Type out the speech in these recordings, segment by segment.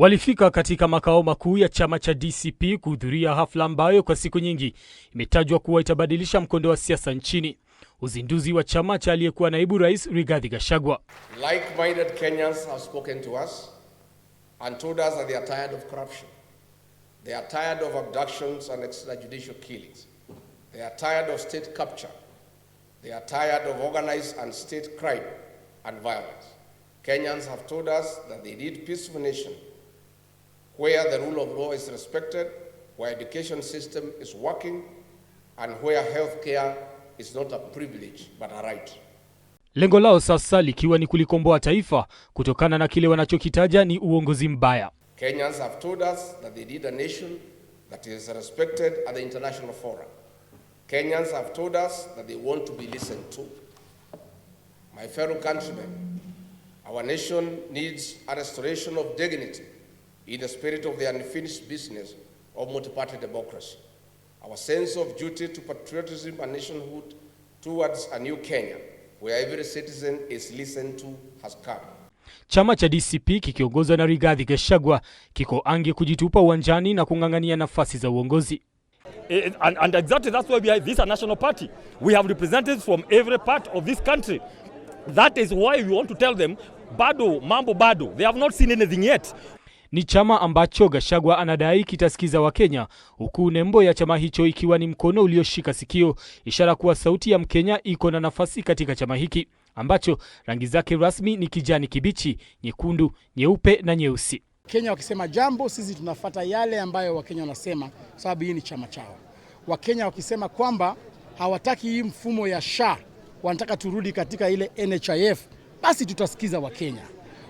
Walifika katika makao makuu ya chama cha DCP kuhudhuria hafla ambayo kwa siku nyingi imetajwa kuwa itabadilisha mkondo wa siasa nchini. Uzinduzi wa chama cha aliyekuwa naibu rais Rigathi Gachagua. Like-minded Kenyans have spoken to us and told us that they are tired of corruption. They are tired of abductions and extrajudicial killings. They are tired of state capture. They are tired of organized and state crime and violence. Kenyans have told us that they need peaceful nation where the rule of law is respected, where education system is working, and where health care is not a privilege but a right. Lengo lao sasa likiwa ni kulikomboa taifa kutokana na kile wanachokitaja ni uongozi mbaya. Kenyans have told us that they need a nation that is respected at the international forum. Kenyans have told us that they want to be listened to. My fellow countrymen, our nation needs a restoration of dignity in the spirit of the unfinished business of multi-party democracy. Our sense of duty to patriotism and nationhood towards a new Kenya where every citizen is listened to has come. Chama cha DCP kikiongozwa na Rigathi Gachagua kiko ange kujitupa uwanjani na kung'ang'ania nafasi za uongozi. Eh, eh, and, and exactly that's why we are this a national party. We have representatives from every part of this country. That is why we want to tell them bado mambo bado. They have not seen anything yet ni chama ambacho Gachagua anadai kitasikiza Wakenya, huku nembo ya chama hicho ikiwa ni mkono ulioshika sikio, ishara kuwa sauti ya Mkenya iko na nafasi katika chama hiki ambacho rangi zake rasmi ni kijani kibichi, nyekundu, nyeupe na nyeusi. Kenya wakisema jambo, sisi tunafata yale ambayo Wakenya wanasema, sababu hii ni chama chao. Wakenya wakisema kwamba hawataki hii mfumo ya SHA, wanataka turudi katika ile NHIF, basi tutasikiza Wakenya.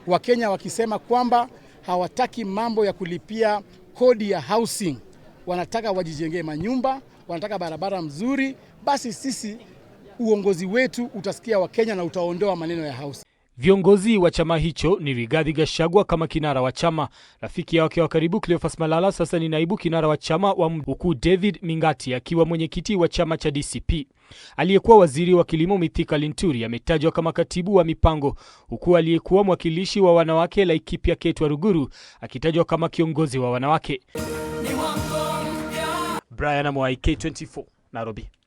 Wakenya wakisema kwamba hawataki mambo ya kulipia kodi ya housing, wanataka wajijengee manyumba, wanataka barabara mzuri. Basi sisi uongozi wetu utasikia Wakenya na utaondoa maneno ya housing. Viongozi wa chama hicho ni Rigathi Gachagua kama kinara wa chama, rafiki yake wa karibu Cleophas Malala sasa ni naibu kinara wa chama wa huku David Mingati akiwa mwenyekiti wa chama cha DCP. Aliyekuwa waziri wa kilimo Mithika Linturi ametajwa kama katibu wa mipango, huku aliyekuwa mwakilishi wa wanawake Laikipia ketwa ruguru akitajwa kama kiongozi wa wanawake. Brian Mwai, K24, Nairobi.